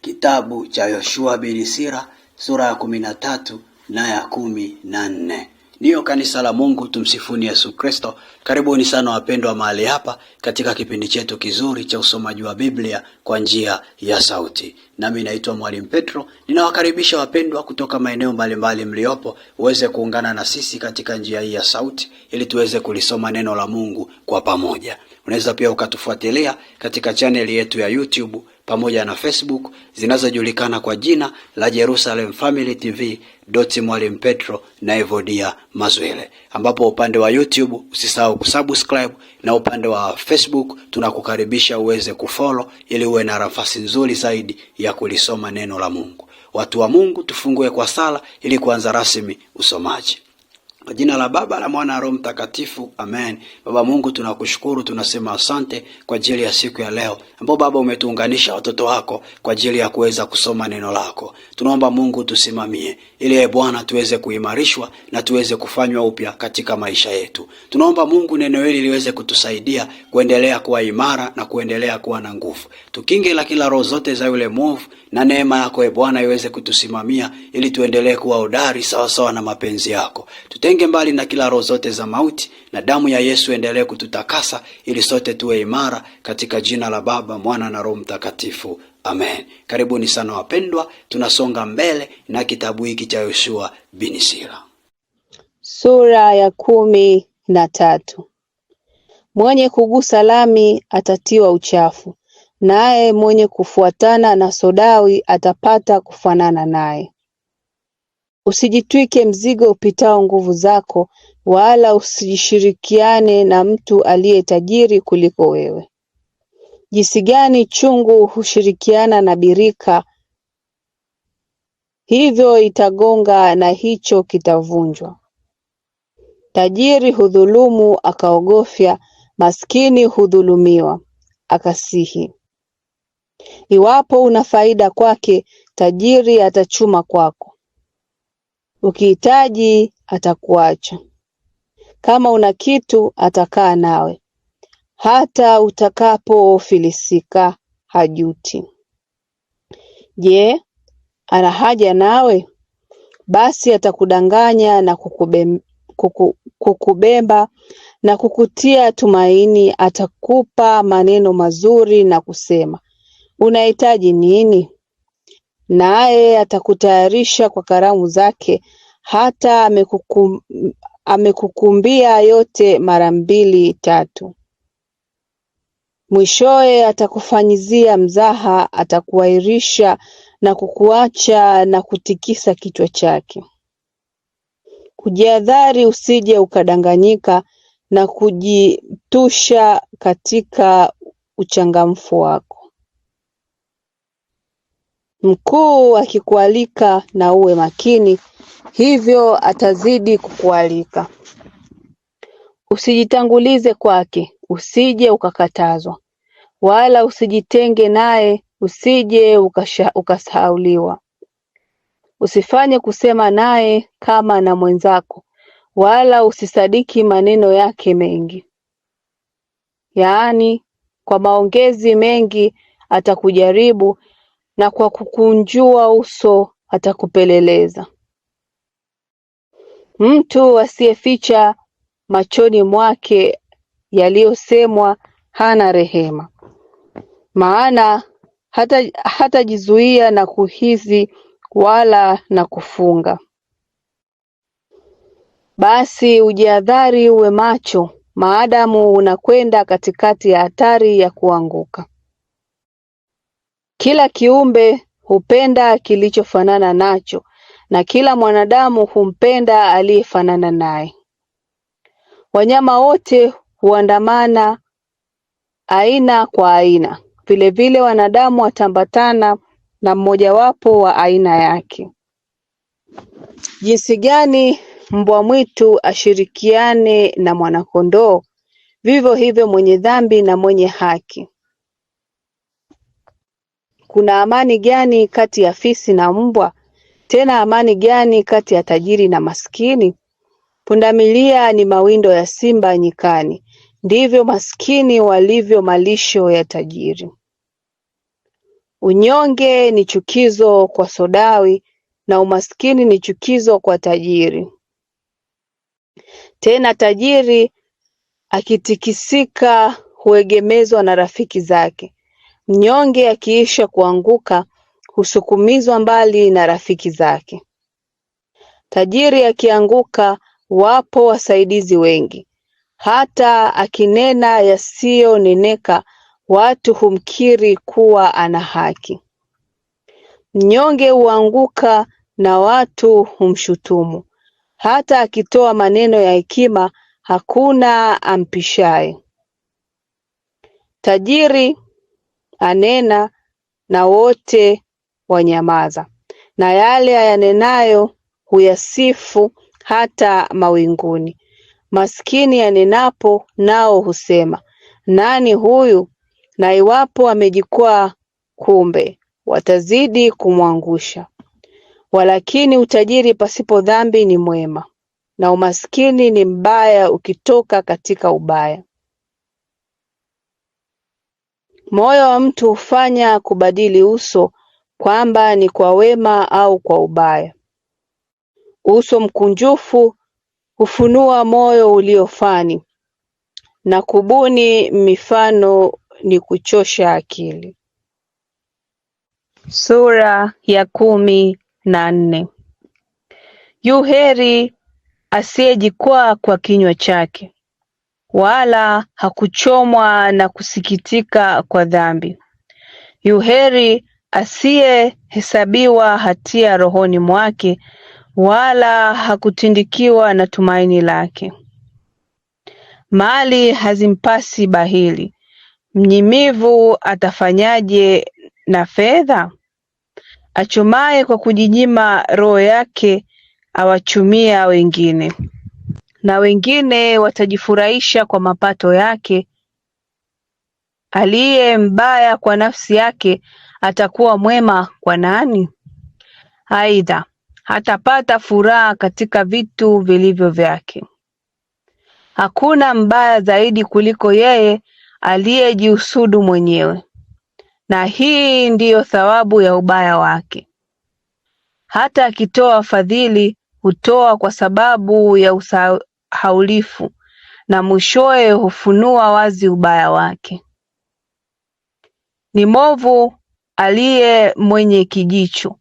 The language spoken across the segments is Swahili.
Kitabu cha Yoshua bin Sira sura ya kumi na tatu na ya kumi na nne. Ndiyo kanisa la Mungu, tumsifuni Yesu Kristo. Karibuni sana wapendwa mahali hapa katika kipindi chetu kizuri cha usomaji wa Biblia kwa njia ya sauti. Nami naitwa Mwalimu Petro, ninawakaribisha wapendwa kutoka maeneo mbalimbali mliopo uweze kuungana na sisi katika njia hii ya sauti ili tuweze kulisoma neno la Mungu kwa pamoja. Unaweza pia ukatufuatilia katika chaneli yetu ya YouTube pamoja na Facebook zinazojulikana kwa jina la Jerusalem Family TV doti Mwalimu Petro na Evodia Mazwile, ambapo upande wa YouTube usisahau kusubscribe na upande wa Facebook tunakukaribisha uweze kufollow ili uwe na nafasi nzuri zaidi ya kulisoma neno la Mungu. Watu wa Mungu, tufungue kwa sala ili kuanza rasmi usomaji. Kwa jina la Baba la Mwana Roho Mtakatifu, amen. Baba Mungu, tunakushukuru, tunasema asante kwa ajili ya siku ya leo ambao Baba umetuunganisha watoto wako kwa ajili ya kuweza kusoma neno lako. Tunaomba Mungu tusimamie, ili e Bwana tuweze kuimarishwa na tuweze kufanywa upya katika maisha yetu. Tunaomba Mungu neno hili liweze kutusaidia kuendelea kuwa imara na kuendelea kuwa na nguvu. Tukinge la kila roho zote za yule mwovu na neema yako e Bwana iweze kutusimamia ili tuendelee kuwa hodari sawasawa na mapenzi yako. Tutenge itutenge mbali na kila roho zote za mauti, na damu ya Yesu endelee kututakasa ili sote tuwe imara, katika jina la Baba, Mwana na Roho Mtakatifu, amen. Karibuni sana wapendwa, tunasonga mbele na kitabu hiki cha Yoshua bin Sira sura ya kumi na tatu. Mwenye kugusa lami atatiwa uchafu, naye mwenye kufuatana na sodawi atapata kufanana naye. Usijitwike mzigo upitao nguvu zako, wala usijishirikiane na mtu aliye tajiri kuliko wewe. Jinsi gani chungu hushirikiana na birika, hivyo itagonga na hicho kitavunjwa. Tajiri hudhulumu akaogofya, maskini hudhulumiwa akasihi. Iwapo una faida kwake, tajiri atachuma kwako Ukihitaji atakuacha, kama una kitu atakaa nawe, hata utakapofilisika hajuti. Je, ana haja nawe? Basi atakudanganya na kukubemba, kuku, kukubemba na kukutia tumaini. Atakupa maneno mazuri na kusema unahitaji nini? naye atakutayarisha kwa karamu zake hata amekukumbia yote mara mbili tatu mwishowe atakufanyizia mzaha, atakuahirisha na kukuacha na kutikisa kichwa chake. Kujihadhari usije ukadanganyika na kujitusha katika uchangamfu wako. Mkuu akikualika na uwe makini, hivyo atazidi kukualika. Usijitangulize kwake, usije ukakatazwa, wala usijitenge naye, usije ukasauliwa Usifanye kusema naye kama na mwenzako, wala usisadiki maneno yake mengi. Yaani, kwa maongezi mengi atakujaribu na kwa kukunjua uso atakupeleleza mtu asiyeficha machoni mwake yaliyosemwa hana rehema, maana hatajizuia hata na kuhisi wala na kufunga. Basi ujihadhari, uwe macho maadamu unakwenda katikati ya hatari ya kuanguka. Kila kiumbe hupenda kilichofanana nacho na kila mwanadamu humpenda aliyefanana naye. Wanyama wote huandamana aina kwa aina, vilevile wanadamu wataambatana na mmojawapo wa aina yake. Jinsi gani mbwa mwitu ashirikiane na mwanakondoo? Vivyo hivyo mwenye dhambi na mwenye haki. Kuna amani gani kati ya fisi na mbwa? Tena amani gani kati ya tajiri na maskini? Pundamilia ni mawindo ya simba nyikani, ndivyo maskini walivyo malisho ya tajiri. Unyonge ni chukizo kwa sodawi na umaskini ni chukizo kwa tajiri. Tena tajiri akitikisika huegemezwa na rafiki zake, Mnyonge akiisha kuanguka husukumizwa mbali na rafiki zake. Tajiri akianguka wapo wasaidizi wengi, hata akinena yasiyoneneka watu humkiri kuwa ana haki. Mnyonge huanguka na watu humshutumu, hata akitoa maneno ya hekima hakuna ampishaye. Tajiri anena na wote wanyamaza, na yale ayanenayo huyasifu hata mawinguni. Maskini anenapo, nao husema nani huyu? Na iwapo amejikwaa, kumbe watazidi kumwangusha. Walakini utajiri pasipo dhambi ni mwema, na umaskini ni mbaya ukitoka katika ubaya. Moyo wa mtu hufanya kubadili uso, kwamba ni kwa wema au kwa ubaya. Uso mkunjufu hufunua moyo uliofani, na kubuni mifano ni kuchosha akili. Sura ya kumi na nne. Yu heri asiyejikwaa kwa kinywa chake, wala hakuchomwa na kusikitika kwa dhambi. Yuheri asiyehesabiwa hatia rohoni mwake, wala hakutindikiwa na tumaini lake. Mali hazimpasi bahili, mnyimivu atafanyaje na fedha? Achomaye kwa kujinyima roho yake awachumia wengine na wengine watajifurahisha kwa mapato yake. Aliye mbaya kwa nafsi yake atakuwa mwema kwa nani? Aidha, hatapata furaha katika vitu vilivyo vyake. Hakuna mbaya zaidi kuliko yeye aliyejiusudu mwenyewe, na hii ndiyo thawabu ya ubaya wake. Hata akitoa fadhili hutoa kwa sababu ya usa, haulifu na mwishowe hufunua wazi ubaya wake. Ni mwovu aliye mwenye kijicho,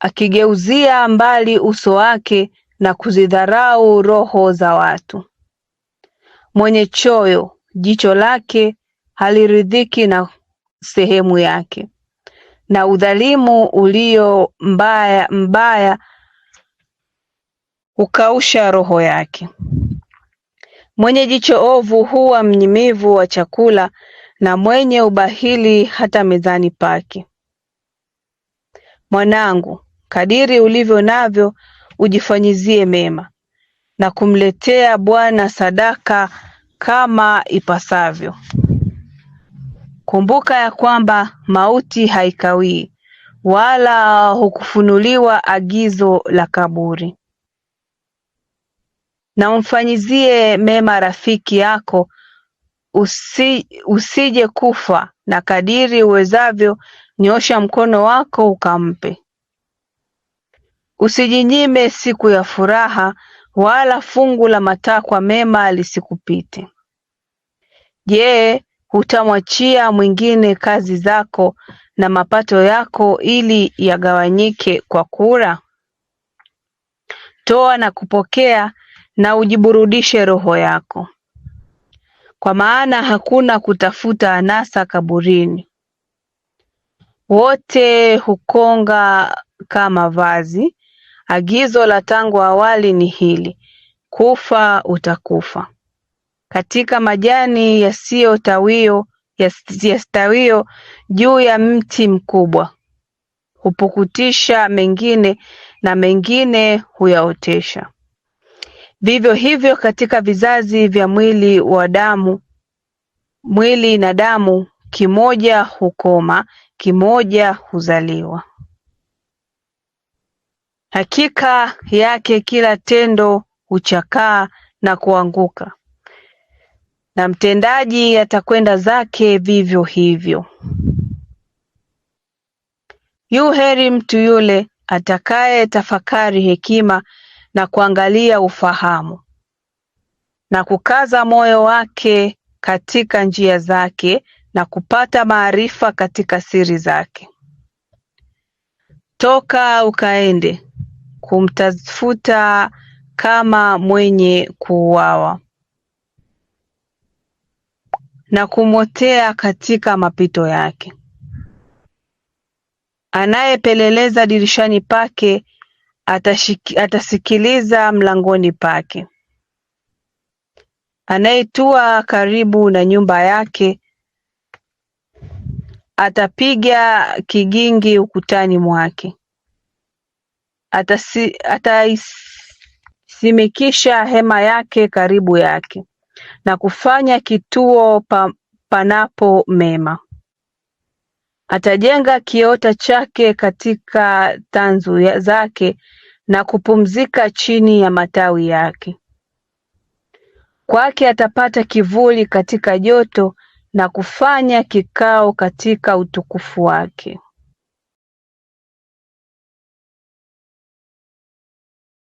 akigeuzia mbali uso wake na kuzidharau roho za watu. Mwenye choyo, jicho lake haliridhiki na sehemu yake, na udhalimu ulio mbaya mbaya hukausha roho yake. Mwenye jicho ovu huwa mnyimivu wa chakula, na mwenye ubahili hata mezani pake. Mwanangu, kadiri ulivyo navyo ujifanyizie mema na kumletea Bwana sadaka kama ipasavyo. Kumbuka ya kwamba mauti haikawii, wala hukufunuliwa agizo la kaburi na umfanyizie mema rafiki yako usije kufa, na kadiri uwezavyo nyosha mkono wako ukampe. Usijinyime siku ya furaha, wala fungu la matakwa mema lisikupite. Je, hutamwachia mwingine kazi zako na mapato yako ili yagawanyike kwa kura? Toa na kupokea na ujiburudishe roho yako, kwa maana hakuna kutafuta anasa kaburini. Wote hukonga kama vazi. Agizo la tangu awali ni hili: kufa utakufa. Katika majani yasiyotawio yastawio juu ya mti mkubwa hupukutisha mengine, na mengine huyaotesha. Vivyo hivyo katika vizazi vya mwili wa damu, mwili na damu, kimoja hukoma, kimoja huzaliwa. Hakika yake kila tendo huchakaa na kuanguka, na mtendaji atakwenda zake vivyo hivyo. Yu heri mtu yule atakaye tafakari hekima na kuangalia ufahamu na kukaza moyo wake katika njia zake na kupata maarifa katika siri zake. Toka ukaende kumtafuta kama mwenye kuuawa na kumotea katika mapito yake, anayepeleleza dirishani pake atasikiliza mlangoni pake. Anayetua karibu na nyumba yake atapiga kigingi ukutani mwake, ataisimikisha hema yake karibu yake, na kufanya kituo pa, panapo mema. Atajenga kiota chake katika tanzu zake na kupumzika chini ya matawi yake. Kwake atapata kivuli katika joto na kufanya kikao katika utukufu wake.